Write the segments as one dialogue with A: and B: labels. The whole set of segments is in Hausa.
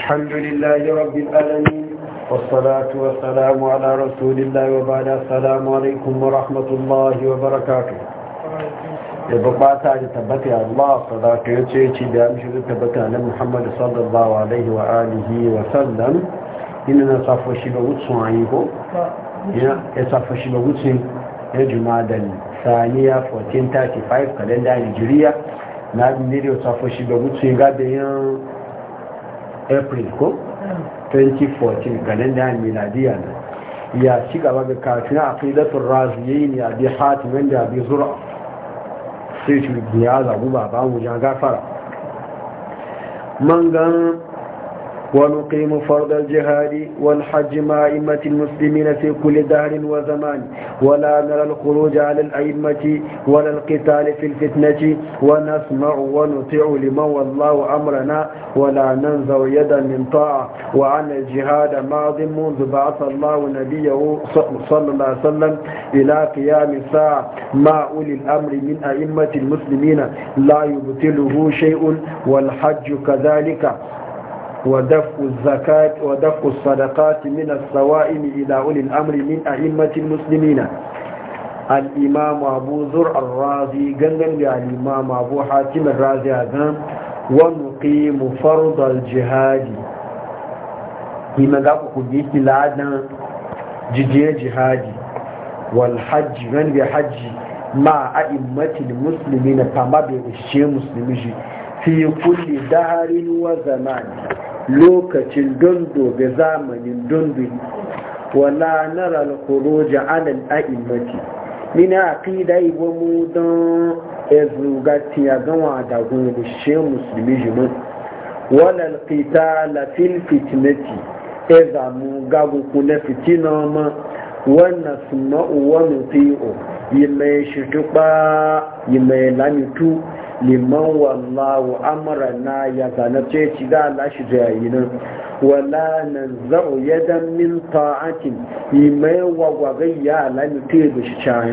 A: الحمد لله رب العالمين والصلاة والسلام على رسول الله وبعد السلام عليكم ورحمة الله وبركاته يبقاتا لتبتع الله صلاة يتشيكي بأمشي لتبتع لمحمد صلى الله عليه وآله وسلم إننا صفو شبه وطسو عيكو يصفو شبه وطسو يجمع دل ثانية 1435 كالندا نيجيريا نعم نيريو صفو شبه وطسو يغادي april ko 2014 yan miladiya ne ya ci gaba ga kafin a fidatun raziyayi ya bi hatimin da bi zura sai shi ya zagu ba ba mu ja gafara man gan ونقيم فرض الجهاد والحج مع أئمة المسلمين في كل دهر وزمان ولا نرى الخروج على الأئمة ولا القتال في الفتنة ونسمع ونطيع لمن والله أمرنا ولا ننزع يدا من طاعة وعن الجهاد ماض منذ بعث الله نبيه صلى الله عليه وسلم إلى قيام الساعة مع أولي الأمر من أئمة المسلمين لا يبطله شيء والحج كذلك ودفع الزكاة ودفع الصدقات من الصوائم إلى أولي الأمر من أئمة المسلمين الإمام أبو ذر الرازي قنقن الإمام أبو حاتم الرازي أذان ونقيم فرض الجهاد لما قابل قديت لعدنا جدية جهادي والحج من بحج مع أئمة المسلمين فما بيشي مسلمين في كل دهر وزمان lokacin dondo ga zamanin dondo wala nara al-khuruj ala al-a'immati min aqida ibo mu don ezugati gama da gungu she musulmi jimin wala al-qitala fil fitnati eza mu gagu kuna fitina ma wannan sunna wa muti'u yimai shi tuba yimai tu. liman wallahu amrana ya zana ce ci da Allah shi nan. Wala nan zau yadan min ta'atin imai wa gwagayya la mutu da shi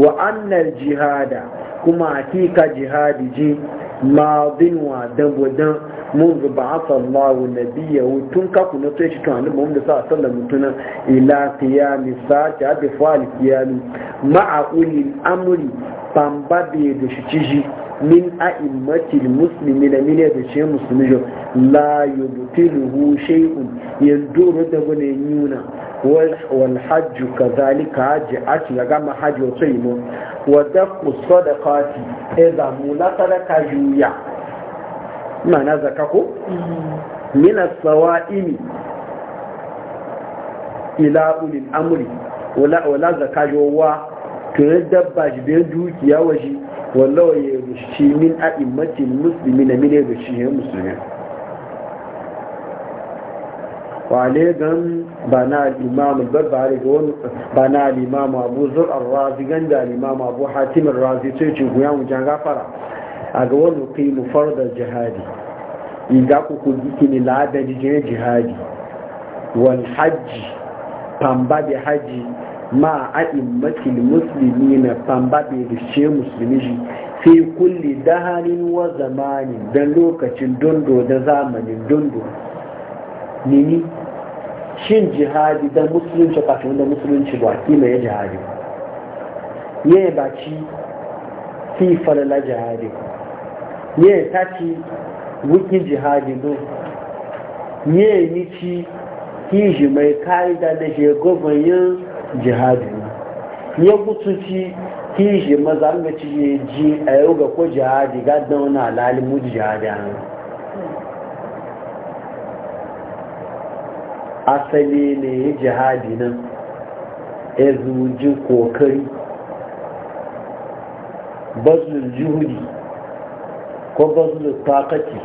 A: wa annal jihada kuma hakika jihadi ji madin wa dabo dan mun ga ba'atha Allahu nabiyahu tun ka kuna to shi tun annabi Muhammad sallallahu alaihi mutuna ila qiyami sa'ati abi fal qiyami ma'a ulil amri bamba be da shi ciji min a'immati muslimina min da shi musulmi jo la yubtiluhu shay'un yanduru da gune yuna wal hajju kadhalika haji a ga ma haji yi wadafu sadaqati idza mulaqada ka juya mana zakka ko min sawa sawaim ila ul amri wala wala zakka jo wa to dabba ji da dukiya wa shi, wallahi ya shi min a'immatil muslimin min ya shi musulmi wale gan ba na al'imamu barbari ga wani ba na al'imamu abu zur razi gan da al'imamu abu hatimin razi sai ce guya wujan gafara a ga wani qimu fardar jihadi iga ku ku giki ni ladari jin jihadi wal hajji pamba da hajji ma a immatil musulmi na pamba da rishe musulmi shi fi kulli dahanin wa zamanin don lokacin dondo da zamanin dondo nini shin jihadi da musulunci kafin da musulunci ba ki ya jihadi ne ba ci fi falala jihadi ne ta ci wikin jihadi ne ne yi nici kiji mai ka'ida da shi gwamnayin jihadi ya gutuci kiji maza da ci ji a yau ga ko jihadi ga dauna alalimu jihadi a asali ne jihadi nan ya zuji kokari bazul juhudi ko bazul takaki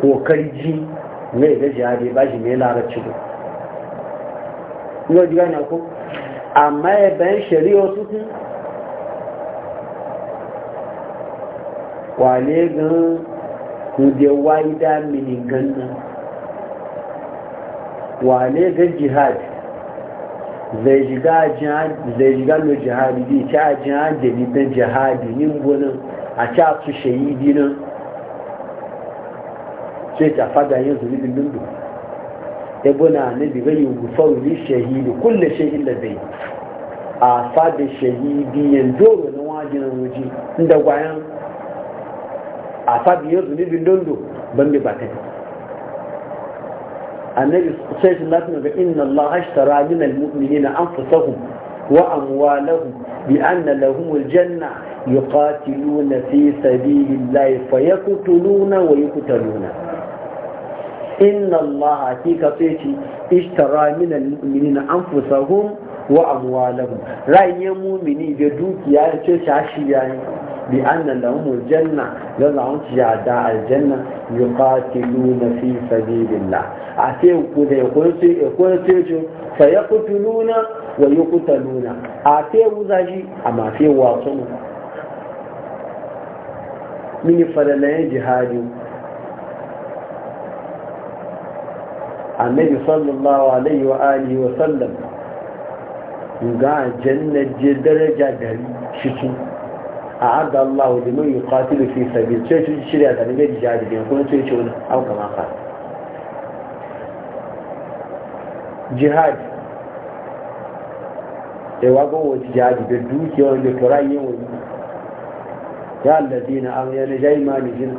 A: kokari ji ne ga jihadi ba shi ne larabci ba yau jiya na ku amma ya bayan shari'a su sun wane gan kudewa idan mini gannan wane ga jihad zai shiga lo jihadi bi ta jihadi ne ta jihadi nin gunin a ca su shahidi nan sai ta fada yin zuri bin dundu ebuna na bi gayi gufauri shahidi kulle shahid da zai a fada shahidi yan doro na wajen waje inda gwayan a fada yin zuri bin dundu ban bi ba ta annabi sai sun lafi ga inna Allah ashtara min almu'minina anfusahum wa amwalahum bi anna lahum aljanna yuqatiluna fi sabilillahi fayaqtuluna wa yuqtaluna inna Allah hakika sai ce ishtara min almu'minina anfusahum wa amwalahum rayyan mu'mini da dukiya ce shashi yayin bi annan da mu janna da za mu ciya da aljanna yuqatiluna fi sabilillah a ce ku da ku ce ku ce ce fa yaqtuluna wa yuqtaluna a ce wuzaji amma ce wasu min fadalayen jihadu annabi sallallahu alaihi wa alihi wa sallam ga jannat je daraja gari shi a'adda Allah wa liman yuqatilu fi sabil sai shi shirya da ne da jihad din kuma sai ce wani au kama ka jihad e wago wa jihad da dukiya wanda turayin wani ya alladina am ya ne jaimani jin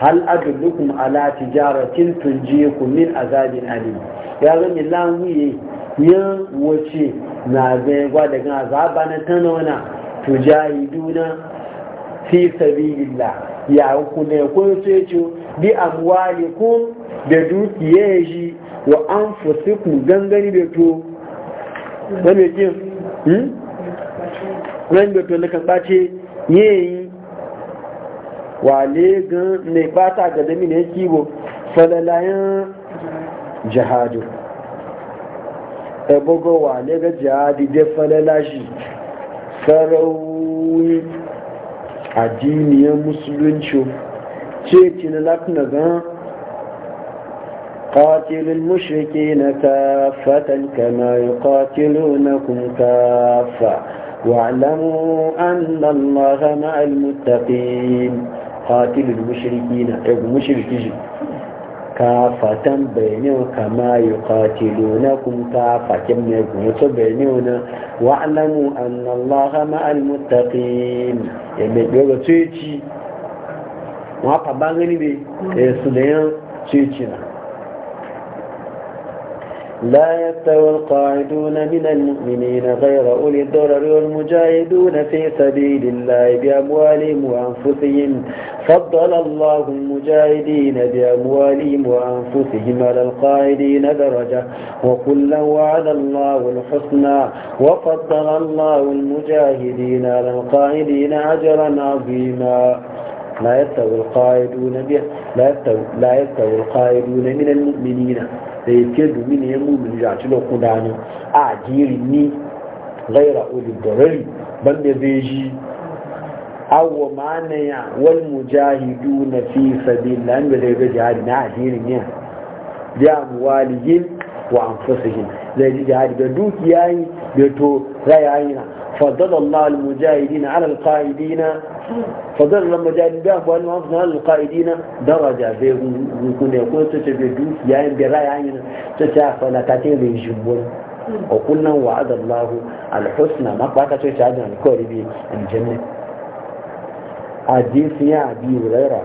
A: hal adullukum ala tijaratin tunjiku min azabin alim ya zan lanwiye yan wace na zai gwa daga azaba na tana wana tujahiduna fi sabilillah ya ku ne kun sai ce bi amwalikum da dukiyeji wa anfusikum gangani da to wani kin hmm wani da to nakan bace yayi wale gan ne bata ga dami ne kibo falalayan jihadu ebogo wale ga jihadi de falalashi farawai addiniyar musulunci ce ci na latin قاتل المشركين كافة كما يقاتلونكم كافة واعلموا أن الله مع المتقين قاتل المشركين المشركين kafatan bayanin kama yi katilu na kun kafakin mai gunutu bayanin na wa'alamu an allaha ma'al mutaƙin ya mai ɗora tsoci wa fa ba gani ne su da yan tsoci na لا يستوي القاعدون من المؤمنين غير أولي الضرر والمجاهدون في سبيل الله بأموالهم وأنفسهم فضل الله المجاهدين بأموالهم وأنفسهم على القاعدين درجة وكلا وعد الله الحسنى وفضل الله المجاهدين على القاعدين أجرا عظيما لا يستوي القاعدون لا يستوي القاعدون من المؤمنين da ya ce domin ya mumin ya ci lokun dani a jiri ni gaira oligarari ban da zai ji awwa ma'ana ya wal mujahidu na fi sabi lan da zai ga jihadi na a jiri ne biya muwaliyin wa anfusihin zai ji jihadi da dukiya yi da to rayayi na faddala Allah al-mujahidina ala al-qa'idina fadar lamma jani biya na ni wasu hannun ka'idina daraja na hukune ko ta ce bai duki yayin bai raya hanyar ta ce a falaka ta bai shi wa kullum wa adallahu alhusna ma ba ka ce ta ajiyar ya abi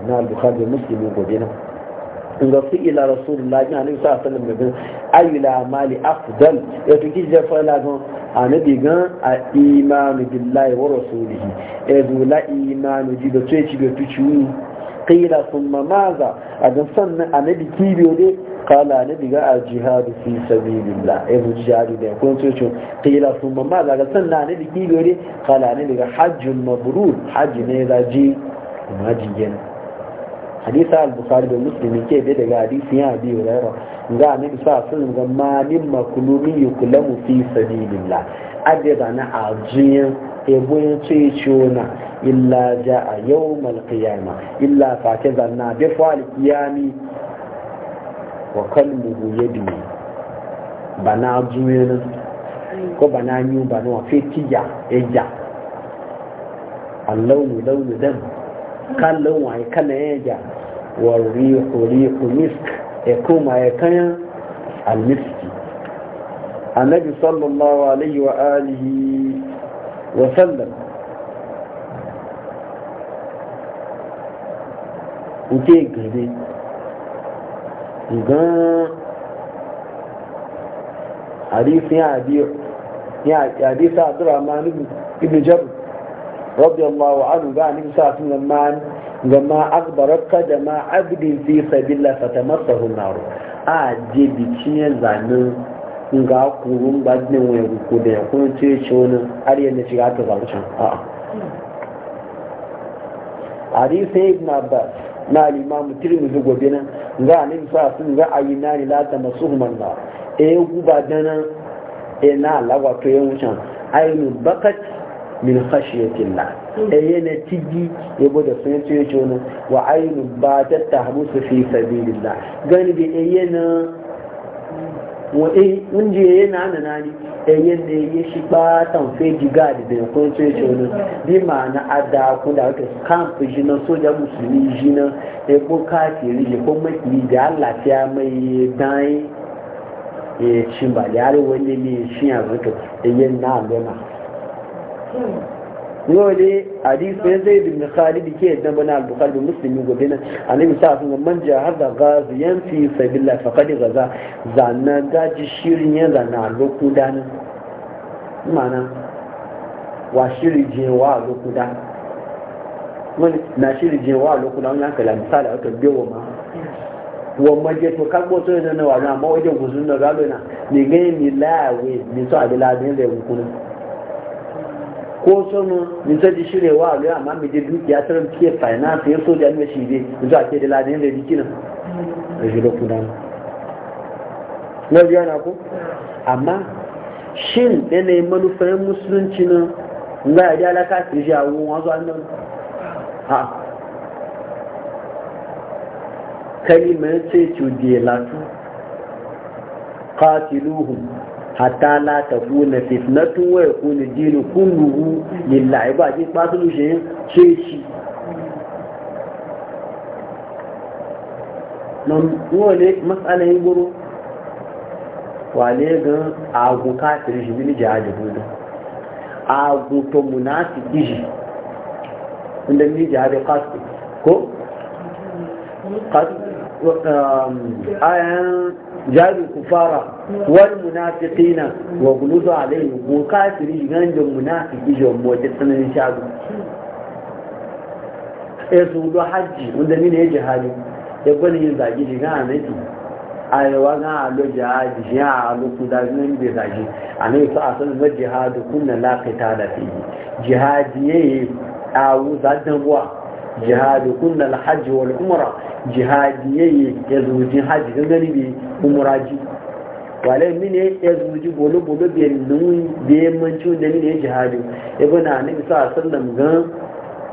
A: na al-bukhari muslimin gobe na nga fi ila rasulullah ni anabi sallallahu alaihi wasallam ga ayila mali afdal ya to ki jefa la gon anabi gan a imanu billahi wa rasulihi e zu la imanu ji do tsaye ci do tuci qila thumma maza adan sannan anabi kibiyo dai kala na diga a jihadu fi sabilillah ya bu jihadu da kun so ce qila thumma ma daga sanna ne digi gore kala ne diga hajjul mabrur hajji ne da ji majiyana hadisa al-bukhari da muslim ke bi daga hadisi ya bi rayra ga ne sa sun ga malim makulumi yukulamu fi sabilillah ade da na ajiyan ebo ya ce ciwona illa ja'a yawmal qiyama illa fa ke zanna bi fa'al qiyami wa kalmuhu yadi bana ajiyan ko bana nyu bana wa fitiya eja allahu لون دم kallon waye kallon yaja wa rihu rihu misk ya koma ya kayan almiski annabi sallallahu alaihi wa alihi wa sallam nke gari gan hadisi ya hadisa abdurrahman ibn jabir رضي الله عنه قال النبي صلى الله عليه وسلم لما قدم عبد في سبيل الله فتمسه النار أجي بكين زنن nga kurun ba ne wani ruku da ya kuma ce ce wani ariyar da shiga ta zaɓi can a'a hadisa ibn abbas na alimamu tirmidhi gobe nan ga annabi sa sun ga na ni la ta masuhman na e guba dana e na lagwa to yan wucin bakat min khashiyatillah eh ne tigi yabo da sun ce ce ne wa aynu ba ta tahbusu fi sabilillah gani bi eh ne wa eh mun je yana nanani eh ne ya shi ba tan fe diga da da kun ce ce ne bi ma'ana ada ku da ka kamp jina soja musulmi jina eh ko kafiri ko maki da Allah ta mai dai eh shin ba yare wanda ne shi a zaka eh na lema wani hadisi ya zai bin khalid ke yadda bana al-bukhari da muslim gobe na annabi sa sun man jahar da yan fi sabilillah faqad gaza zanna gaji shirin ya zanna lokuda ne mana wa shiri je wa lokuda wani na shiri je wa lokuda wani aka la misali aka biyo ma wa maje to kalbo to yi na wa na ma wajen guzun da galo na ne ga ni lawe ni to abila ne da gukuna ko sanu nisa ji shirya wa aluya amma mai je dukiya ta ramfiye finance ya soja ne shi ne yanzu a ke da ladin da jiki Na da shi da kudan na biya na ku amma shin yanayin manufar musulunci na? nga ya ji alaka su shi a wuwan wasu an nan ha kalimar ce cudiye latu qatiluhum hatta la ta kuna fitnatu wa ya kuna dinu kulluhu lillahi ba ji ba su shi ce shi nan wale masala yi guru wale ga agun kafir shi bili jihadi hudu agun to munati ji inda ni jihadi kasu ko kasu um, ayan jari kufara wal munafiqina wa guluzu alayhi ko kafiri ganjan munafiki jo mo ta tsananin shago e su do haji wanda ni ne jihadi ya gwani yin zagi ne ga anaki ayewa ga alo jihadi ya alo kuda nan bai zagi anai sa asalin wa jihadu kunna la qitala fi jihadi yayi awu zadan wa jihadu kunna al hajj wal umra jihadiyayye ya zuji haji gangani bi umuraji wale mine ya zuji bolo bolo bi nun biye yamanci da mine ya jihadi ibuna nabi sa sallam gan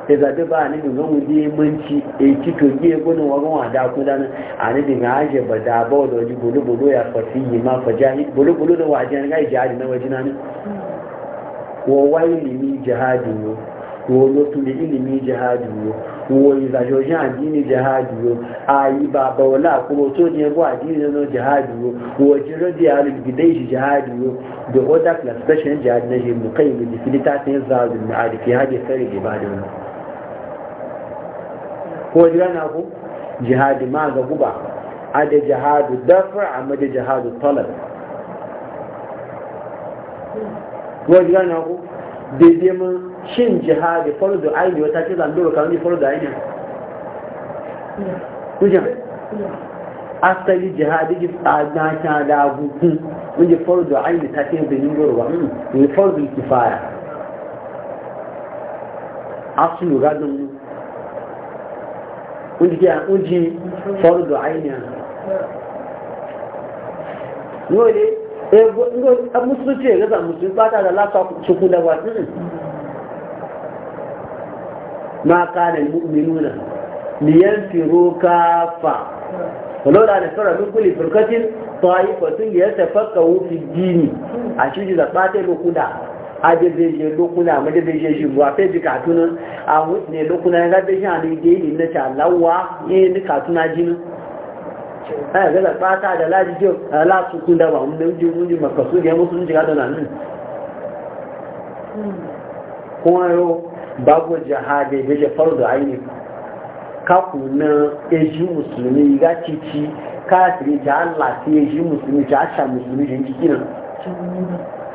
A: ya zabe ba ni ga mu bi yamanci e kito ge gona wa gan wada ko dan ani bi ga aje bada ba da ji bolo bolo ya fasi ma fajahi bolo bolo da wajen ga jihadi na wajina ne wa wayi ni hmm. jihadi ne wo lótú lè ilimi jihadi wo wo ìzàjọjọ́ àdínì jihadi wo ààyè bàbá wọlé àkúrò tó ní ẹbú àdínì nínú jihadi wo wo jíró di àrùn gidé jihadi wo the other classification jihadi náà ṣe mú kẹ́yìn lòdì sí lítà tí ń za àdùn àdìkì hajj fẹ́rẹ̀ lè bá dùn. wo jírá náà kú jihadi máa ga guba adé jihadi dáfà àmọ́dé jihadi tọ́lẹ̀. wo jírá náà kú dédé mọ́ shin jihadi fardu aini wata ce zan dora kawai fardu aini kujan asali jihadi ji tsada ta da hukun wani fardu aini ta ce zan dora ne fardu kifaya asulu gadon uji fardu aini yau eh, ne musulci ya gaza musulci ba ta da lasa su kula ba hmm. ما كان المؤمنون لينفروا كافة ولولا أن فرع من كل فرقة طائفة ليتفقهوا في الدين أشوف إذا قاتل كنا aje zai lokuna maje zai je a fai katuna a ne lokuna ya gabe shi a ne da yi na ta lawa ya yi katuna jini a yaga da fata da laji jiyo a lasu kun da ba mun ji mun ji makasu da ya musu sun da nan kuma yau babu jihadi da ya faru da aini kaku na eji musulmi ga cici kafiri ta Allah ta eji musulmi ta asha musulmi ta yi kinan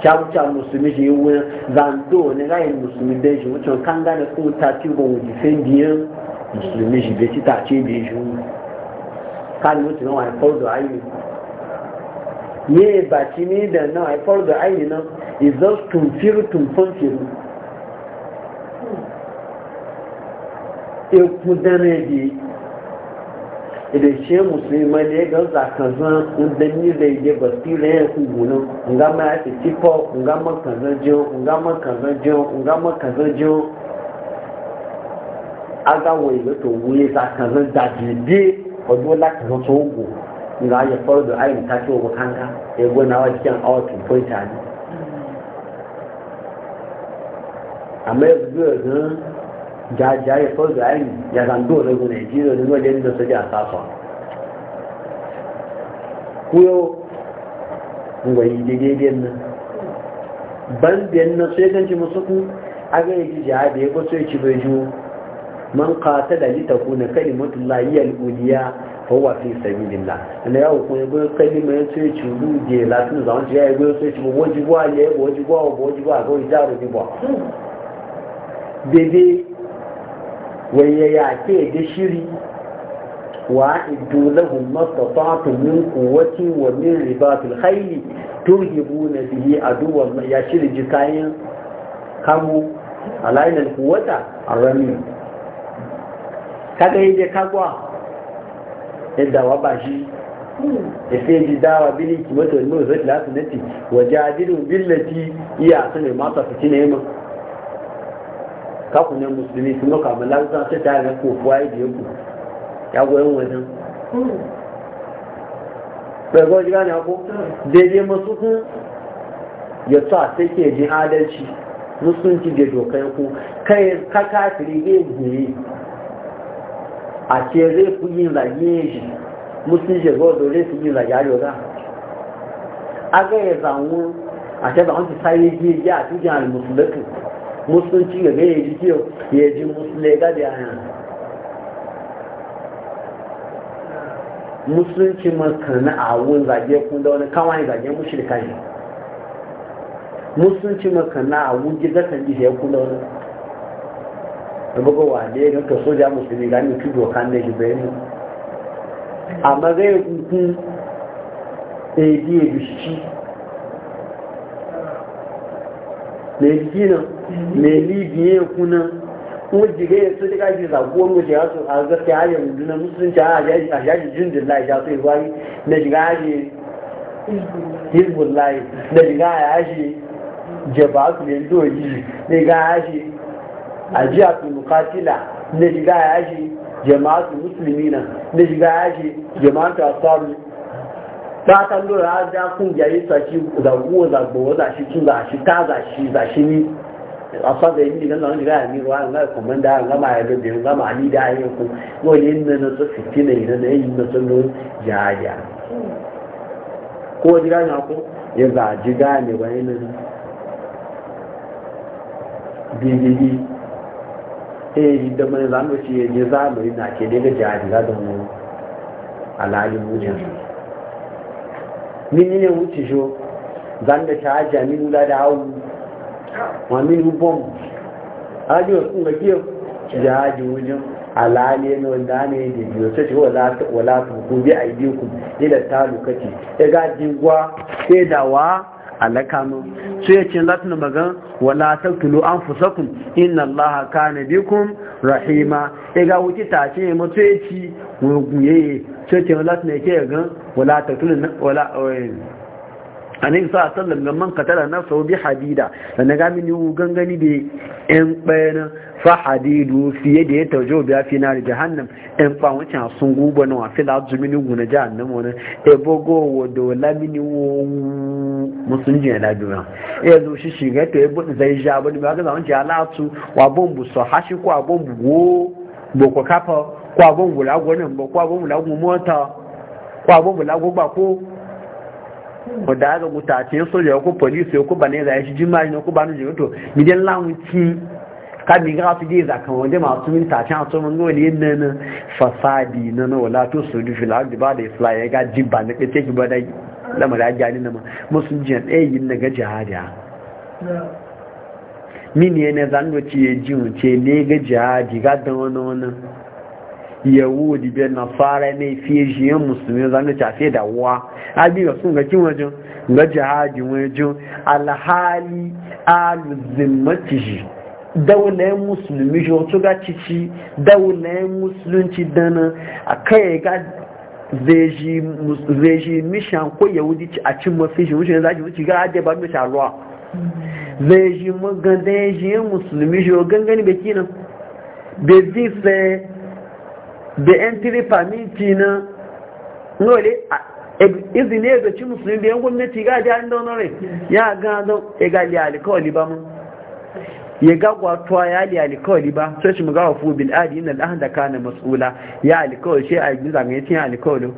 A: kyauta musulmi ta yi wani zando ne rayin musulmi da shi wucin kan gane ko ta ci ba wuce sai biyan musulmi shi bai ci ta ce bai shi wani kan wuce na wani faru da aini ne ba ci ni da na wani e faru da aini nan idan tumfiru tumfanfiru eku dane bi idan shi musulman ne ga zakazan inda ni zai je basira ya ku gunu nga ma ya tipo nga ma zan jiyo nga ma zan jiyo nga ma zan jiyo aga wai ga to wuye zan da jibi zan lakazan tsogo nga ya faru da ayin ta ce wa kanka ya gona wa cikin awa tumfoita ne amma yanzu zan yi kawai da yayi ya zando da gune jiro da wajen da suke a sasa kuyo ngwai daidai nan ban biyan na sai kan ci musu ku aga yi jihadi ya kwaso ya ci bai ju man kata da lita kuna kalimatun lahiyar uliya fawa fi sami lilla ana yawo kun ya gwe kalima ya sai ci ru je latin zaman ci ya yi gwe sai ci wajibuwa ya yi wajibuwa wajibuwa ga wajibuwa ga wajibuwa hmm. daidai waye ya ke da shiri wa iddu lahum mastata'tu min quwwati wa min ribatil khayli turhibuna bihi aduwwan ya shiri jikayen kamu alainal quwwata arami kaga yaje kagwa yadda wa bashi efeji dawa bili kimato ne zai lati nati billati iya sunne mata fitina yamma kakunan musulmi sun maka ba lansa ta tare da kofuwa ya biye ku ya goyon wajen ɓargo ji gane ko daidai masu kun ya sa sai ke jin adalci musulunci da dokai ku kai ka kafiri ne goyi a ce zai ku yin zage shi musulunci ga wadda zai su yin zage arewa a ga ya zanwu a ce ba wani sai yi ya tujan al-musulunci musulunci ga gaya ji kiyo ya ji musulai ga da yana musulunci maka na awon zage kun da wani kawai zage mushrika ne musulunci maka na awon gida kan gida kun da wani da buga wale ga ka soja musulmi ga ni tudo kan ne ji bayani amma zai kun kun eh biye shi mai kinan mai libiye kunan kuma jiga ya su daga ji zaguwar mu shiga su a gaskiya hajji rudu na musulunci a shaji jin dillahi ya sai wani na shiga hajji hizbullahi na shiga hajji jabatu ne yi, na shiga hajji ajiyatu mukatila na shiga hajji jama'atu musulmina na shiga hajji jama'atu asabu ba ta lura ya ja kun yayi sashi, zaguwa zagbowa za shi cin za shi ta za shi za shi ni a fada yi nan nan ga ni ruwa ga kuma da ga ma ya da ga ma ni da yi ku no yin nan na su fitina yin nan yin nan sun ya ya ko jira na ku ya za ji ga ne ba yin bi bi bi eh da mun zamu ci ya ji zamu ina ke daga jari da mu alalin mujin mini ne wuce jo zan da ta ajiya mini wula da hau wa mini bom ajiyo sun ga giyo jaji wajen alali ne wanda ne da biyo ta ce wala ta ku bi a idinku ila ta lokaci ya e ga jingwa sai e da wa alaka mu sai ya ce su magan wala an anfusakum inna allaha kana bikum rahima e ga wuci ta ce mu sai ci mu sai ce latin ne ke ga wala taqtulu wala annabi sallallahu alaihi wasallam man qatala nafsahu bi hadida dan ga min yu gangani da en bayana fa hadidu fi yadi ya tawjo bi fi nar jahannam en pa wancan sun gubo na fi la zumini guna jahannam wona e bogo wodo la min wo musunje la biwa e zo shi shiga to e bodo zai ja bodo ba ga wancan alatu wa bombu so hashi ko a abombu wo boko kafa ko abombu la gonan ba ko a abombu la mota ko a abombu la ba ko wadda aka guta ce soja ko polisi ko bane za shi jima ne ko banu jima to midan lawun ci ka mi ga su je za kan wanda masu min ta can so mun gole yin nan fasadi nan wala to su du fil ardi ba da islam ya ga jibba ne kace ki ba da lamara ga ni nan musun jin eh yin daga jihada min ne ne zan do ci je jin ce ne ga jihadi ga dan wannan wannan yahudi bɛ nasara ne fiye jiyan musulmi zan ga tafe da wa bi ga sun ga kin wajen ga jihadi wajen alhali alu zimmati shi daular musulmi shi wato ga cici daular musulunci dana a kai ga zeji mishan ko yahudi a cin mafi shi wuce zaki wuce ga ajiye ba mishan ruwa zeji ji maganda ya musulmi shi wa gangani bai kinan bai zai da yan tirifa minti na nole e, izini ya zaci musulun da yan gwamnati ga jihar daunarai ya ga don egali alikawali ba mun ya ga gwatuwa ya li alikawali ba sai shi mu ga wafu bil adi inal da, kana mas'ula ya alikawali shi a zanga ya tin alikawali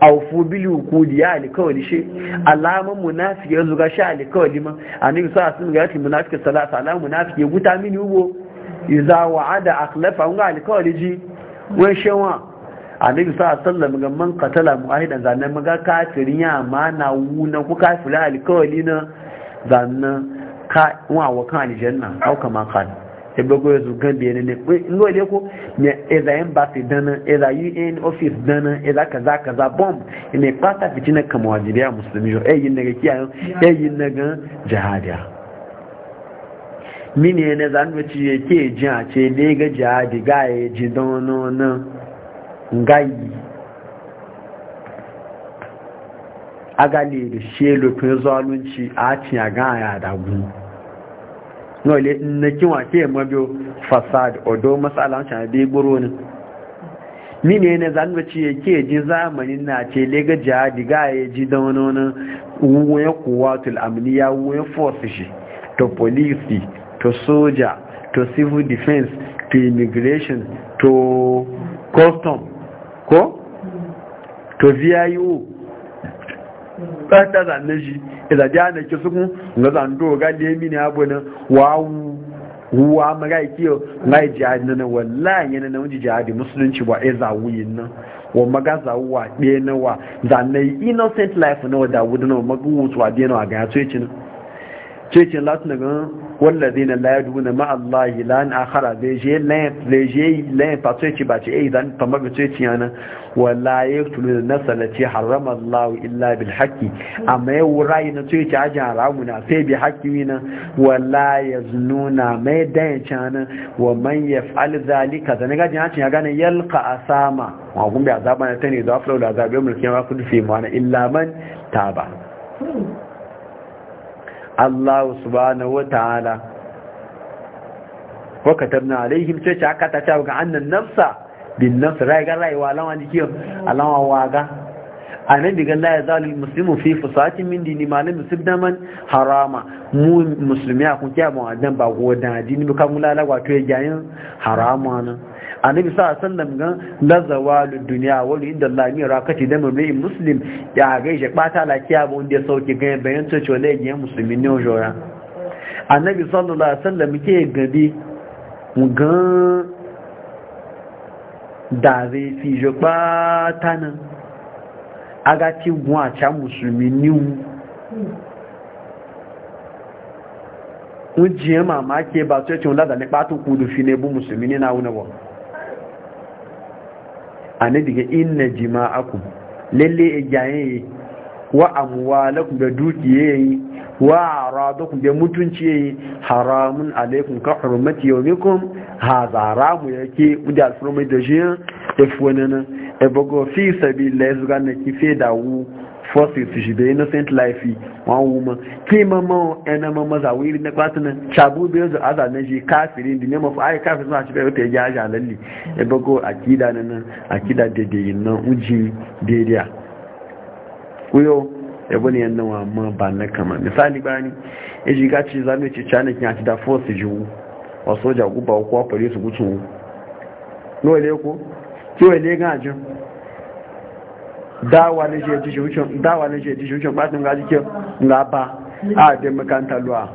A: awfu bil uqudi ya alikawali shi alamun munafi ya zuga shi alikawali ma annabi sallallahu alaihi wasallam ga yati munafiki salasa munafi ya guta mini ubo iza wa'ada akhlafa ga ji wai shewa annabi ga man qatala muahidan zanna maga kafirin ya amana wuna ku kafira na zanna ka wa wa kan aljanna au kama kan e bogo yesu gambe ne ne ngo ile ko ne eza embassy dana un office dana eza kaza kaza bomb ne pata fitina kama wajibi ya muslimi yo e yin ne ga e mini ne zan wuce ya ke ji a ce ne ga e jihadi e ga ya ji dononin gayi agali da shi lufin zalunci a ciya gaya da gun nole na kiwa ke mabiyo fasad odo matsalan can bai gburo ne mini ne zan wuce ya ke ji zamanin na ce ne ga e jihadi ga ya ji dononin wuyan kowatul amniya wuyan force shi to polisi to soldier to civil defense to immigration to custom ko to viu ɓata zane shi izaji ana ki sukun ga zando ga lemi ne abu nan wawu ruwa mara ikiyo na jihadi nan wallahi yana na wajen jihadi musulunci ba ya e zawuyin nan wa maga zawuwa ɗaya na wa zane innocent life na wada wudu na wa magu wutuwa ɗaya na wa ga ya tsoye cinin tsoye wallazina la yaduna ma Allah lan akhara be je len le je lan patse ci bace eh dan tamma bace ci yana wala yaqtulu nafsa lati harrama Allah illa bil haqqi amma ya wurai na tuci ajin haramuna sai bi haqqi wina wala yaznuna mai dan cana wa man yaf'al zalika dan ga jin ya gane yalqa asama wa gumbi azaba ne tane da aflo da azabe mulkin ya kudu fi mana illa man taba Allah subhanahu wa ta'ala wa katabna alaihim ce aka ta ce ga annan nafsa bin nafs rai ga rai wa lawan dikiyo alawa waga anan diga la ya zalil muslimu fi fusatin min dini malin musliman harama mu muslimi a kun kiya mu adan ba godan dini ka mulala wato ya jayin harama nan annabi sa sallam gan la zawalu dunya wani inda Allah mi rakati da mai muslim ya ga shi bata lafiya ba wanda ya sauke ga bayan to ce wala ga muslimi ne ojora annabi sallallahu alaihi wasallam ke gabi ga da zai fi je bata nan aga ti gun a cha muslimi ni wọ́n jí ẹ màmá kí ẹ bá tó ẹ̀ tí wọ́n nípa tó kú fi ní ẹbú mùsùlùmí nínú àwọn annabi ga inna jima'akum lalle iyayen wa amwalakum da dukiye wa aradakum da mutunci haramun alaikum ka hurmati yawmikum hadha haramu yake da alfurmai da shi e fuwanana e bago fi sabilillah zuga na kife dawu forces su shi da innocent life wọn wuma ke mama ẹna mama za wiri ne kwatina shabu biyar da aza ne na shi kafirin da ne mafi ayi kafirin a cikin wata ya ja lalle e ya bago akida na nan akida daidai na uji daidai kuyo ya e bane yan nawa ma ba na kama misali bani ya e shiga ci za mu ci canakin a cida force jiwu wa soja guba ko kwafare su gutsu ne wale ko kiwa ne gajin dawa ne je ji wucin dawa wucin batin ga jikin na a da makanta luwa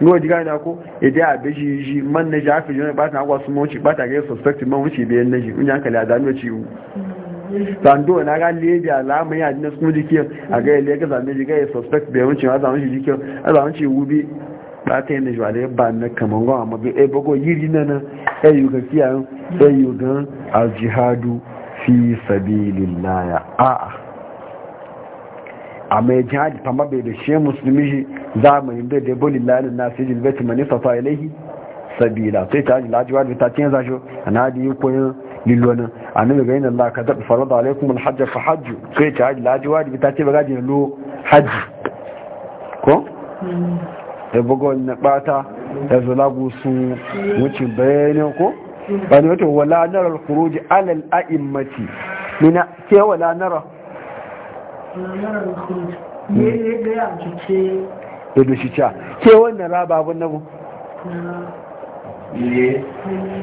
A: luwa ji gani ko idan abin shi ji ji man ne jafi jini batin agwa su mawuci bata ga suspect man wuce biyan na shi in yanka a da ci yi sando na ga lebi alama ya ne su jike a ga yi lega zame ji ga suspecti biyan wuce a zame ji jike a zame ci wubi ba ta yana jiwa da ya ba na kamar gwa amma bai bago yiri na na ayyuka kiyayen ayyukan aljihadu fi sabilillah a a mai jihadi fama bai da shi musulmi shi zamanin da dabo lillahi na su jilbeti mani safa ilaihi sabila sai ta hajji lajiwa da ta cin zasho a na hajji koyin lilona a nan ga yin Allah ka zaɓi faru da alaikum alhajji fa hajji sai ta hajji lajiwa da ta ce ba gajin lo hajji ko? Hmm. da bugon na ɓata da zulagu su wuce bayanin ko? wani wata wala nara al alal ala al-a'immati mina ke wala nara hmm. da dushi ca ke wannan raba abin nagu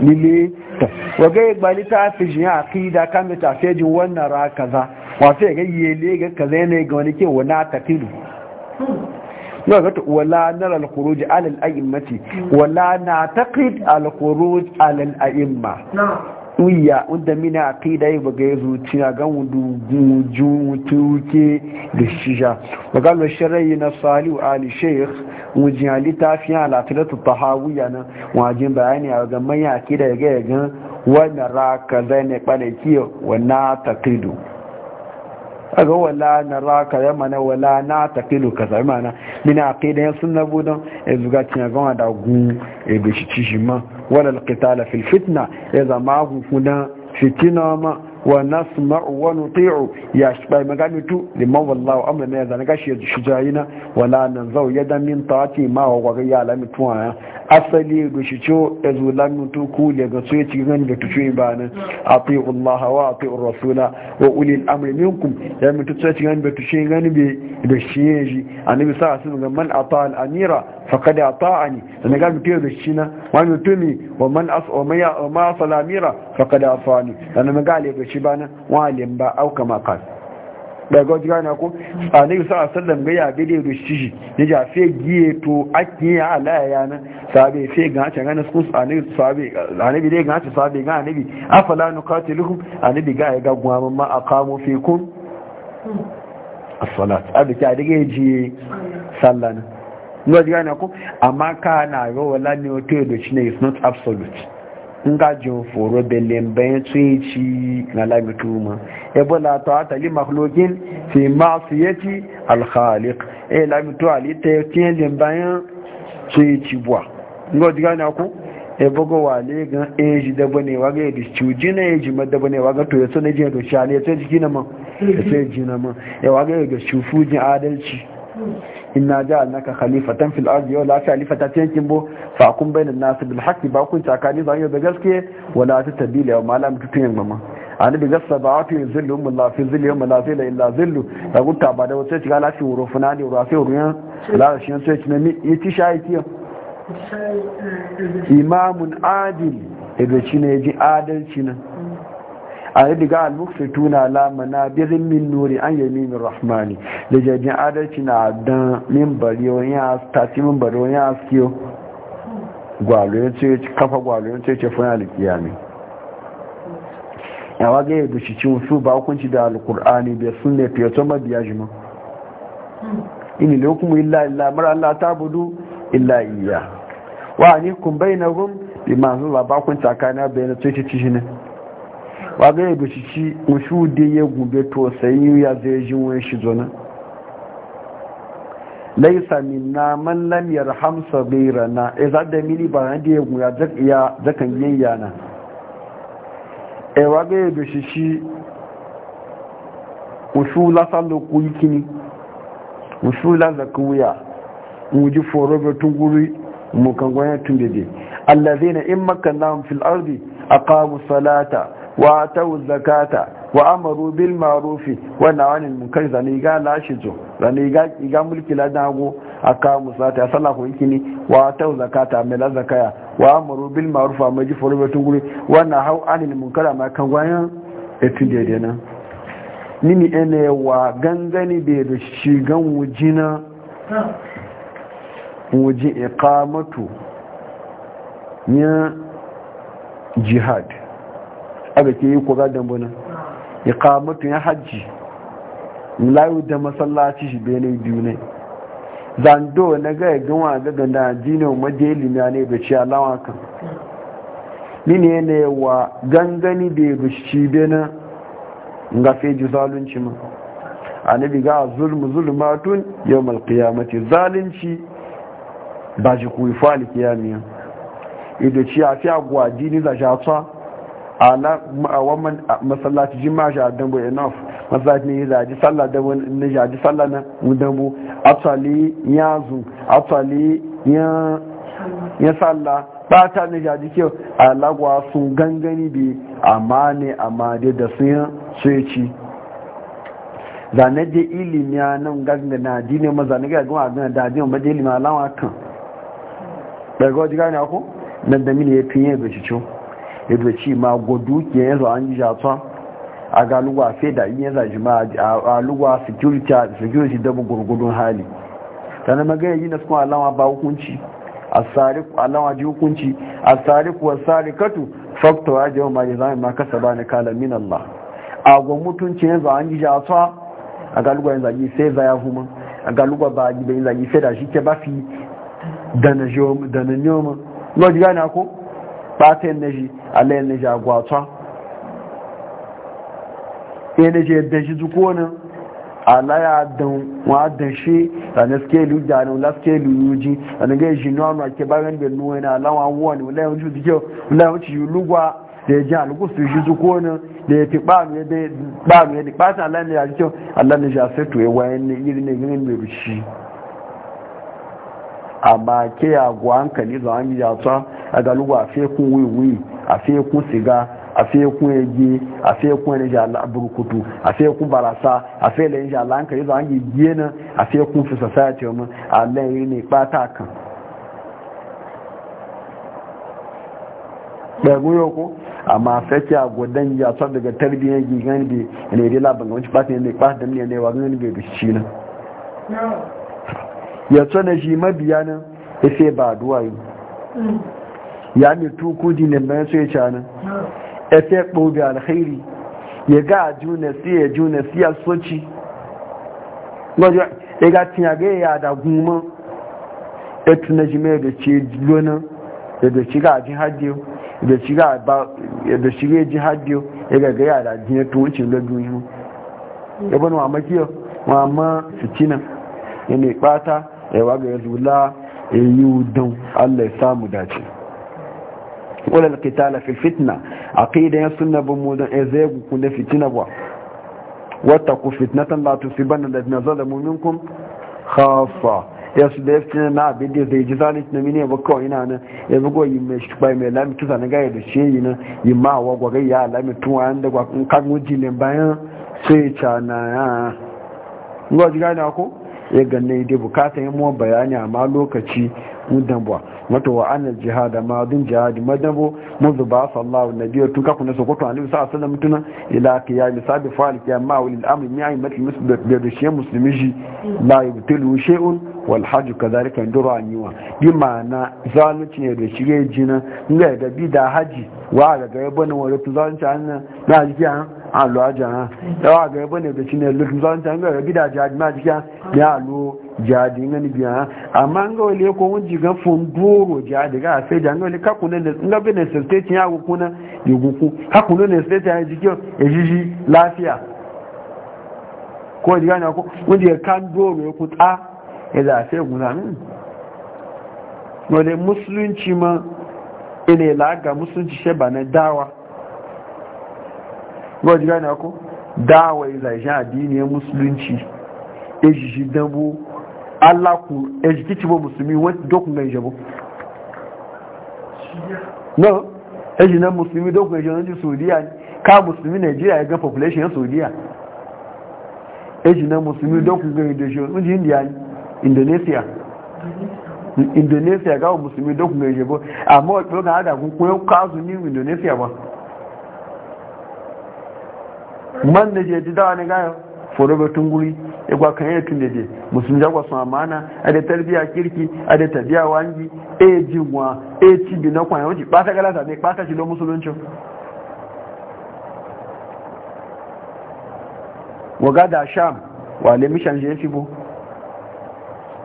A: lile ta waga ya gbali ta fi shi a kida kan mai tafiye jin wannan ra kaza wasu ya ga yele ga kaza yana ga wani ke wani a tafilu hmm. yau zata wala nara al-khuruj ala al-a'immati wala na'taqid al-khuruj ala al-a'imma uya wanda mina aqida yi baga ya a ga wudu guju tuke da shija baga lo sharayi na salihu ali sheikh wujin ali tafiya ala tilatu tahawiya na wajin bayani a ga manya aqida ya ga ya ga wannan raka zai ne kwanaki wa na taqidu aga wala na raka ya mana wala na takilu ka sai mana min aqida ya sunna budan e zuga tinya ga da gu e be shi ma wala al-qital fi al-fitna ya zama hu fudan fitina ma ونسمع ونطيع يا شباب ما تو لما والله امر ما اذا نغشي شجاينا ولا ننزو يدا من طاعتي ما هو وغيا لم توايا اصلي غشيتو ازو لان تو كول يا غسو يتيغن اطيع الله واطيع الرسول واولي الامر منكم يا من تو تيغن بتشي غن انا بسا اسو من اطاع الاميره فقد اطاعني انا قال تو دشينا وان تومي ومن اس وما ما صلى اميره فقد اطاعني انا ما قال ci bana walin ba auka makal daga wajen gane ko a na yi sa'a sallam ga ya bide da shi ya ja fe giye to ake ya alaya yana sabe fe ga ta ganin su a sabe a na bide ga ta sabe ga nabi afala nuqatiluhum a nabi ga ya ga gwamin ma aqamu fikum as-salat abi ta dige ji sallana wajen gane ko amma kana ga wala ne to do shi ne is not absolute nga jin foro belin bayan tsoyici na lamituma ebola ta atali makhlukin fi masiyati alkhaliq e lamitu alita tiyan lin bayan tsoyici buwa nga diga na ku go wale gan eji dabo ne waga yadda cuji na eji ma dabo ne waga to yaso na jiya to shale yaso jiki na ma yaso jiki na ma ya e waga yadda cufujin adalci inna ja'alnaka khalifatan fil ardi wa la khalifata tankin bo fa kun bainan nas bil haqqi ba kun takani zan yau da gaskiya wala tatabila yau malam tutuyan mama ani bi gassa ba fi zillu mun la fi zillu yawma la fi illa zillu da gutta ba da wace shiga lafi wuro funa ne wuro sai wuro la shi sai ci ne yiti shayi ki eh,
B: eh,
A: imamun adil da shi ne ji adalci nan a yadda al almukfituna la manabirin min nuri an yaminin rahmani da jajin adalci na dan min bari wani ya tafi min bari wani ya askiyo gwalo ya ce kafa gwalo ya ce ce fun alkiya ne yawa ga yadda shi cin su ba hukunci da alkur'ani bai sun ne fiye tun mabiya shi ma ini lokum illa illa mar Allah ta budu illa iya wa ni kun bi ma zuwa ba kun tsakanin bayanan sai ci ne Wa ga yadda shi ci mushude ya gube to sai ya zai jin wani shi zona laisa minna man lam yarham sabirana e za da mini ba da ya guya zakiya zakan yayya na e wa ga yadda shi ci musula sallo ku yikini musula zakuya mu ji foro ga tunguri mu kan gwaya tun da dai allazina in makannahum fil ardi aqamu salata wa atau zakata wa amaru bil ma'rufi wa nawan al munkar zani ga jo zane ga ga mulki la dago aka musata sala ko yiki ni wa atau zakata mai la zakaya wa amaru bil ma'rufa mai ji furu batun guri wa hau anil munkar ma kan gwayan etin dede na nini ene wa gangani be da shigan wujina wuji iqamatu ya jihad aga ke yi kura da muna ya kamata ya hajji layu da masallaci shi bene biyu ne zando na gaya gawa daga na wa majeli na ne bai ciya lawa kan ni ne ne wa gangani da ya bishi bene ga feji zalunci ma nabi ga zulmu zulmatun yawmal mace, zalunci ba ji kuwa alkiyamiya ido ci a fi agwa dini da jatsa ala wannan masallaci ma sha dambo enough masallaci ne ya ji sallah dambo ne ya ji sallah na dambo atali ya zu atali ya sallah ba ta ne ya ji kyau alagwa sun gangani bi amma ne amma dai da sun sai ci zane da ilimi ya nan gangana dine ma zane ga gama gana da dine ma da ilimi alawa kan daga wajen gane ako nan da mini ya fiye da shi ciwo yadda ci ma gudu ke yanzu an yi jatsa a galuwa luwa sai da iya A ma a luwa security da gurgudun hali ta na magana yi na suna alama ba hukunci alama ji hukunci a tsariku wa tsarikatu faktor ya jawo mai zama ma kasa ba na kalamin allah a gwa mutunci yanzu an yi jatsa a galuwa luwa yanzu yi sai zaya huma a galuwa luwa ba yi bayan zagi sai da shi ke bafi da na niyoma lord gane ko pata energy ala energy agwata energy da shi zuko nan ala ya dan wa da shi da na scale da na la scale yuji da na ga shi no na ke bayan da nuna yana ala wa wa ni la yuji dike la yuji lugwa da ya ji alugusu shi zuko nan da ya fi ba mu da ba mu da pata ala ne ya dike Allah ne ya sai to ya wayan ne irin ne gini mai rushi amma ke ya gwa hankali za a da ta a galuwa a fekun wiwi a fekun siga a fekun ege a fekun yanzu ala burkutu a fekun barasa a fela yanzu ala hankali za a yi gena a fekun fi society wani alayi ne bata kan go yau ko amma fake a gudan ya tsar daga tarbiyyar gigan da ne dai labin ga wani ɓata ne ɓata da ne ne wa ne bai bishi na ya tsana shi mabiya nan ife ba duwa yi ya ne tuku dinin nan su ya ca nan ife ɓobe alkhairi ya ga a juna siya juna siya soci ya ga tinyage ya da guma ya tuna shi mai da ce lona ya da shiga a jin hadiyo da shiga ga ajin ji ya ga ya da jin ya tuwucin labiyoyi ya bani wa makiyar wa ma fitina ya mai bata ya waga ya zula ya yi don allah ya samu dace wala alqitala fil fitna ƙida ya suna bu mudan ya zai ku na fitina ba wata ku bana da na zala zalamu minkum khassa ya su da fitina na abin da zai ji zalunci na mini ba kawai ina nan ya bugo yi mai shi bai mai lami tusa na gaya da shi yi nan yi ma wa gwagai ya lami tuwa yan da kan wujilin bayan sai ya ca na ya ngwaji ji gane ko ya ganna dubu bukata yin mu bayani amma lokaci mudan bwa wato wa anal jihada ma dun jihad madabo munzu ba na biyar tun kafu na sokoto annabi sallallahu alaihi Ila tuna ila qiyam sabi fa'al qiyam ma wal amr min ayyati muslim da shi musulmi shi la yubtilu shay'un wal hajj an yi Wa bi ma'ana zalunci ne da shige jina ne da bi da haji wa ga wani wani wa zalunci an na haji an àlò ajá hàn ẹwà àgbẹ̀ ẹgbẹ́ ní ẹgbẹ̀ sínú ẹlò tó ń tàn gbẹ̀rẹ̀ bídà jáde máa jíkà ní àlò jáde ń níbi hàn àmà ń gbọ́ ilé kó ń jìgá fún dúró jáde ká àfẹ́ jà ń gbọ́ ilé kákùnlé ní sèptétì yà wọ́kún náà yòókùnkún kákùnlé ní sèptétì yà jíkẹ́ èyíyí láàfíà ko ìdíkà ní ọkọ̀ wọ́n jẹ́ ká dúró ẹkùn tá ẹ̀dà àfẹ́ ògùn náà musulunci ma ilẹ̀ làága musulunci ṣẹ̀bà ní ba ji gane ko dawa ya zai shan addiniyar musulunci ejiji dabo allah ku ejiki ci ba musulmi wani dokun gan jabo no eji na musulmi dokun gan jabo ji saudiya ka musulmi nigeria ya ga population ya saudiya eji na musulmi dokun gan jabo ji india indonesia indonesia ga musulmi dokun gan jabo amma wadda ga hada kun koyo kazu ni indonesia ba man da je dida ne ga foro ba tunguri ya e gwa kan yatun da je musulun ja gwa sun amana a da tarbiya kirki a da tabiya wangi e jinwa e ci cibi na kwan wuce, ba ta galata ne ba ta shi don musuluncin wagada sham wale mishan je fibo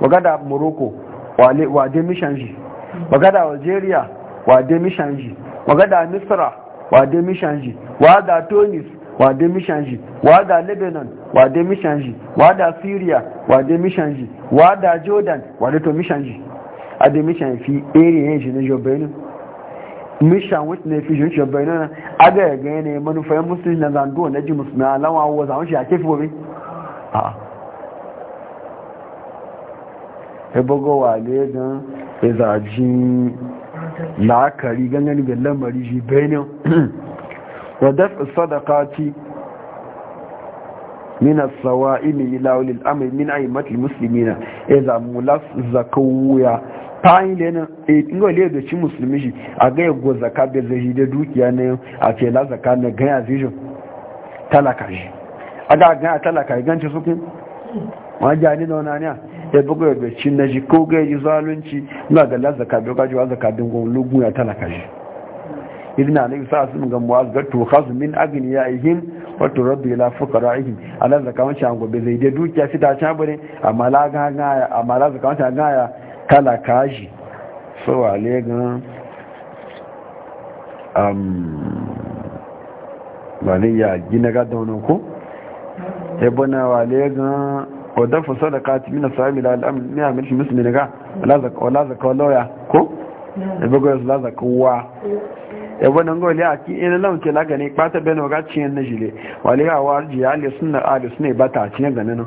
A: wagada morocco wale wade mishanji je wagada algeria wade mishanji je wagada misra wade mishanji je wada tunis wade mishanji wada lebanon wade mishanji wada syria wade mishanji wada jordan wade to mishanji ade mishan fi area yin shi na jobainu mishan which ne fi shi jobainu na aga ya ganye ne manufai musulun na zando na ji musulmi alawa wa zaun shi a kefi bobe a ebogo wale gan ezajin la'akari gangan bin lamari shi benin wa الصدقات من min as-sawa'imi ila من amri min a'immati ملف muslimina idza mulas zakawiya fayin da nan e tingo da shi musulmi shi a ga yago e zaka da zai da dukiya na yau, a ce la zaka na ga ya zijin talaka shi a ga ga talaka ya e ganci sufi ma ja ni na e ne ya bugo da ci na ji ko ga yi zalunci na ga la zaka da ga ji wa zaka dingo lugu ya talaka shi ibn ali sa sun ga muwaz to khaz min agniyaihim wa turaddu ila fuqaraihim alan zaka wanci an gobe zai je dukiya fita ta bare amma la ga ga amma la kala kaji wani ya gina ga ko wale ga fusa da kati mina ga wala zaka wala lauya ko zaka wa yabo nan gole a ki ina lawan ke lagane kwata beno ga ciyen na jile wale ya warji ya le sunna ali sunna ba ta ga nan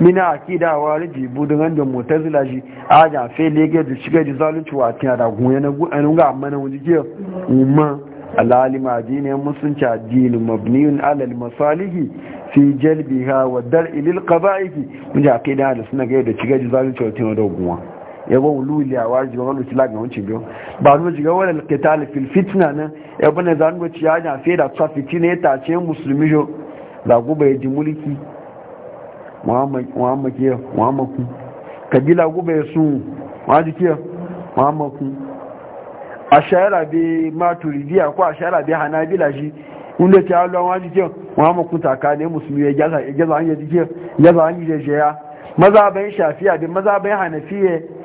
A: mina akida warji budun an da mutazila a fe lege da shiga da zalunci wa tiya da gun yana gun an ga amma nan wuji ke umma alalima addinin musulunci fi jalbiha wa mun ja akida da ga da shiga da zalunci wa da gunwa yabo wululi a waji wa wani kila ga wancin biyu ba zuwa jiga wani alkitali fil fitna nan yabo ne zanen wacce ya jan da tsa fitina ya tace musulmi jo lagu bai ji mulki muhammaki kabila guba ya sun wajike muhammaku a shayara bai maturidiya ko a shayara hana bila shi inda ta halon wajike muhammaku takane musulmi ya gaza hanyar jike gaza hanyar jeya maza bayan shafiya bin maza bayan hanafiya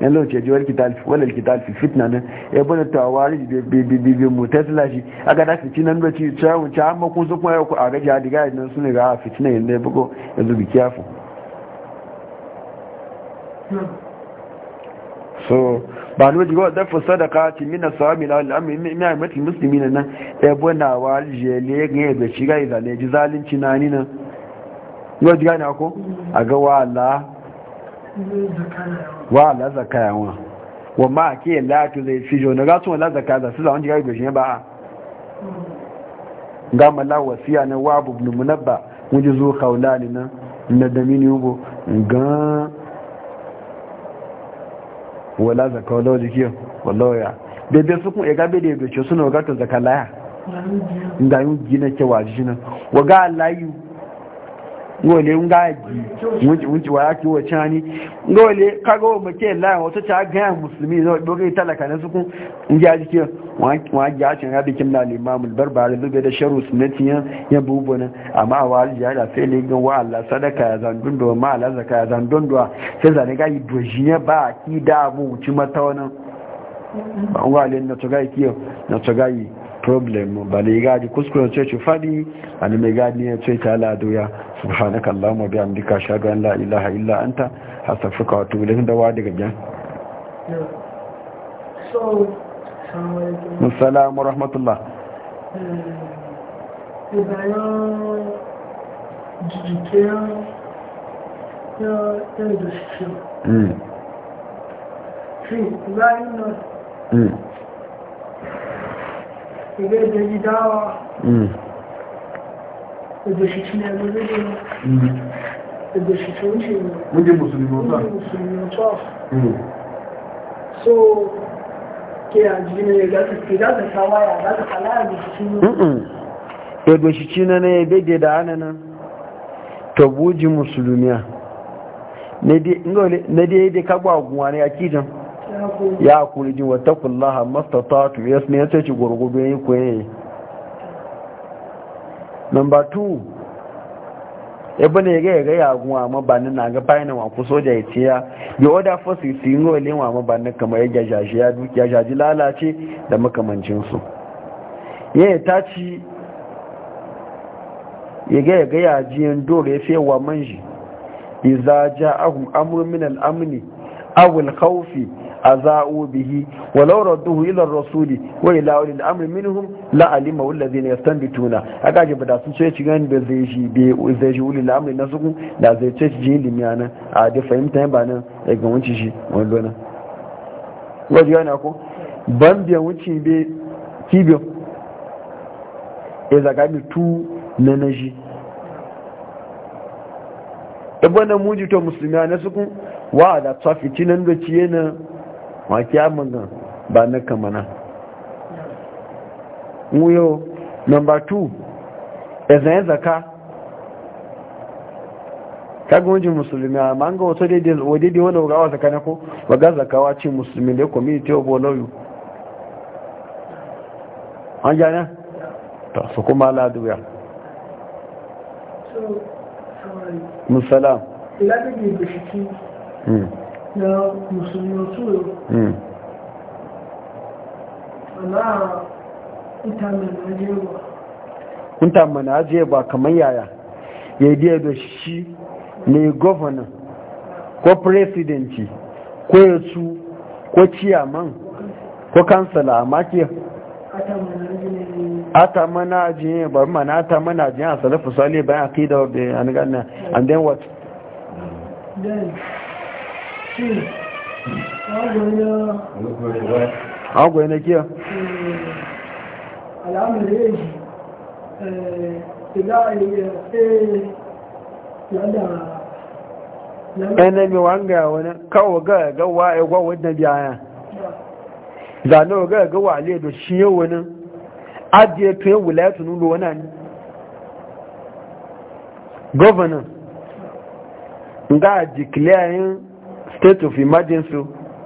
A: yan lo lauce jiwar kitali walal kitali fi fitna ne ya bana tawari bi bi mutasila shi aka da fi cinan da ci cewa ci amma ku su kuma ku a ji hadiga idan su ne ga fitna yanda ya bugo yanzu bi kiyafu so ba no jiwa da fi sadaka ci mina sawami la al min mai al muslimin nan ya bada wa jele ga da shiga izale ji zalunci na nan yau ji na ko a ga wala wa la zakaya wa wa ma ke la to zai fi jo na ga tun la zakaya su zawon jiga goshin ba ga mala wasiya na wa ibn munabba mun ji zo kaulani na na damini yugo ga wala zakaya lawo jikiyo wallahi ya bebe su kun ega bebe bebe suna ga to laya. da yun gina kewa jina wa ga layu wole ngaji wuce wa yake wa cani wole kaga wa mace layan wata ta gaya musulmi na dogai talaka na sukun in ji aji ke wa ji a cin rabi kim na limamul barbari zube da sharu sunati ya bubu nan amma wa al ya sai ne ga wa allah sadaka ya zandun do ma allah zaka ya zandun do sai zane ga yi doji ya ba a ki da abu wuce mata wani ba wale na tugayi kiyo na tugayi problem ba ne gadi kuskuren ce fadi a ne mai gadi ne ce ta ladoya subhanaka allahumma bi amdika shahadu an la ilaha illa anta astaghfiruka wa atubu ilayk dawa daga jan so assalamu rahmatullah
B: ibayan jijike ya ya da shi
A: shi bayan nan ilé da yídá ne ìgbèṣìtì
B: ní ẹgbẹ́ lórí ne hmm. oúnjẹ rẹ̀ mújẹ mùsùlùmí ọ̀tọ́
A: hmm. so ne àjíní ìgbàtàkà wáyà ìgbàtàkà láàrin ìgbèṣìtì na na ebe da ana nan tabuji musulmiya na daidai kagwa guwa ne a kijan ya kuri ji wata ta mastatatu ya ne ya ce ci gurgudu yi kwaye number 2 ebe na ga ga ya gun amma ba na ga bayanin wa ku soja ya ce ya oda fosil su yi le wa ma ban kama ya jajaji ya dukiya ya jaji lalace da makamancinsu. su ya ta ci ya ga ga ya dole ya fe wa manji idza ja'ahum amrun min awul khawfi aza'u bihi wa law radduhu ila ar-rasuli wa ila awli al-amr minhum la alima alladhina yastanbituna aka ji bada sun ce cigan da zai ji be zai ji ulil amri da zai ce ji limi ana a da fahimta ba nan ya ga shi wallo nan wajen yana ko ban biyan wuce be kibiyo e zaga bi tu nanaji ibana mujito muslimi ana su wa da tsa fitinan da ciye na waki amagan ba na kamana wuyo number 2 ezan zaka kaga musulmi a manga ga wato daidai wadidai wani wagawa tsakanin ko waga zakawa ce musulmi da community obo olayu an jana ta su kuma laduya musalam
B: ilaga ne da shi na musulmi otu
A: ita mana ajiye ba kamar yaya ya yi da shi ne governor ko presidenti ko yasu ko ciyaman ko kansala amma ke. ata mana ajiye ba mana ata mana ajiye a salafu sale bayan akida da an gana and then what then agwai na kiya
B: al'amari ya yi
A: ẹnẹ́mi wani kawo gaga wa ẹgbọ́ e wadda biya zanewa gaga wa alẹ́ da shi yau wani ajiye tun yi e wulayatu e nulo wani ne gọvanan ga jikiliyayin state of emergency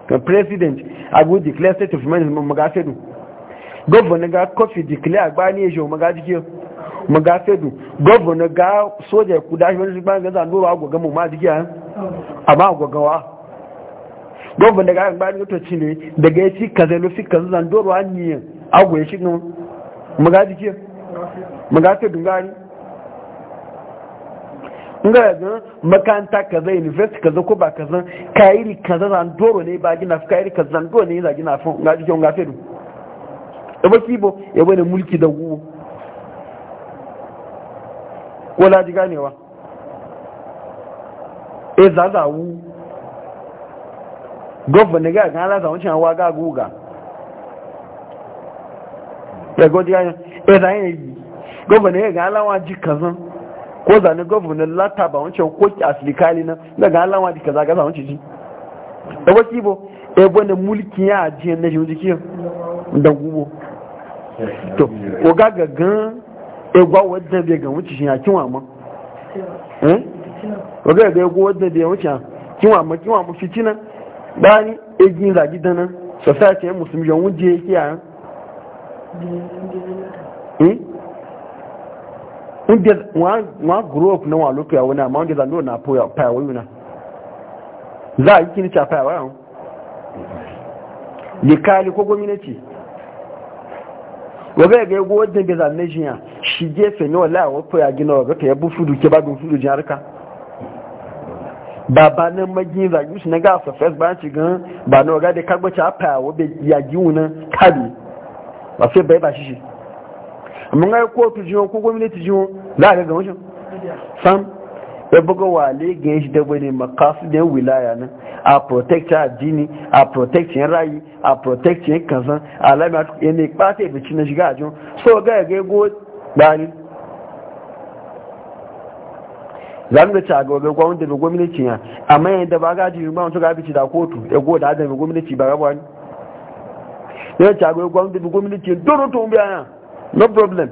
A: ga president abu declare state of emergency mo ga magasedu governor ga kofi declare ni ejo mo mo ga jike ga magasedu governor ga soje ku da shi ban ga zan dora agwaga mo ma jike an aba amma wa governor ga ga to chini daga yaci kaza lo fi kaza zan dora anniyan agwaye shi mo ga jike magaji ke magasedu ngani nga ga makanta kaza university kaza ko ba kaza kairi kaza zan doro ne ba gina fi kairi kaza zan doro ne za gina fi nga jikin nga fedu ba kibo ebo ne mulki da gugu ko la ji ganewa e za za wu gọvanọ ga ga ala za wucin awa ga guga ya gọdi anya e za yi gọvanọ ga ala wa ji kaza ko zane gwamnan lata ba wancan ko ki asilikali na daga alama da kaza gaza wancan ji da wasu ibo ebo na mulki ya ajiyar na shi jiki da gubo
B: to oga
A: ga gagan egwa wadda bai ga wuce shi ya kinwa ma eh ko ga ga egwa wadda bai wuce kinwa ma kinwa mu fitina bani egin zagi dana society musulmi yan wuje yake ya eh wanda wa grow na wa lokaci ya wuna ma wanda za na poya paya wuna za a yi kini ta paya wayan likali ko gwamnati wabe ga yago wajen da zanne shi ya shi gefe la wallahi wa poya gina wa ta yabu fudu ke babin fudu jin harka baba nan magin zagi shi na ga fa first branch gan ba na ga da kagbace paya wabe ya giwuna kabi ba sai bai ba shishi shi mun ga kotu jiwon ko gwamnati jiwon za a gaggama shi sam ya buga wale gan shi dabo ne makasudin wilaya nan a protect addini a protect rayu a protect yan alamiya ya ne kpata ibici na shiga ajiyar so ga ga go dani za da ci a ga gwamnati da gwamnati ya amma yayin da ba ga ji ba da kotu ya da gwamnati ba ga gwamnati da gwamnati biya na problem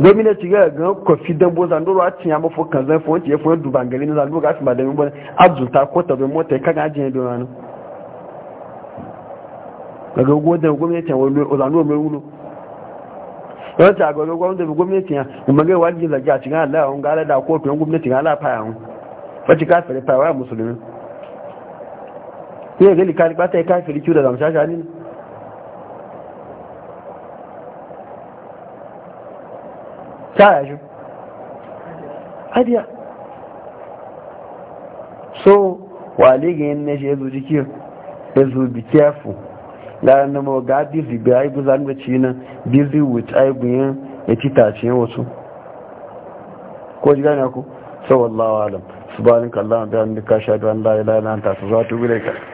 A: gwamnati ga ga kofi dan boza ndoro ati ya mafu kan zan fonti ya fonti duban gari na zalu ga fi ma da mi ko ta be mota ka ga jin do gwamnati wa wulo ta ga gwamnati da gwamnati ya kuma ga wani zaki a cikin Allah on da gwamnati ga musulmi ga ba ta da ta yi adiya so wale ga yin na shi ya zo jiki ya zo be careful lara na ma ga dizi bi aibu ci na dizi with aibu yin ya ci yin wasu ko ji gani ako sau wallawa alam subhanaka allahumma bihamdika ashhadu an la na illa anta astaghfiruka wa atubu ilayk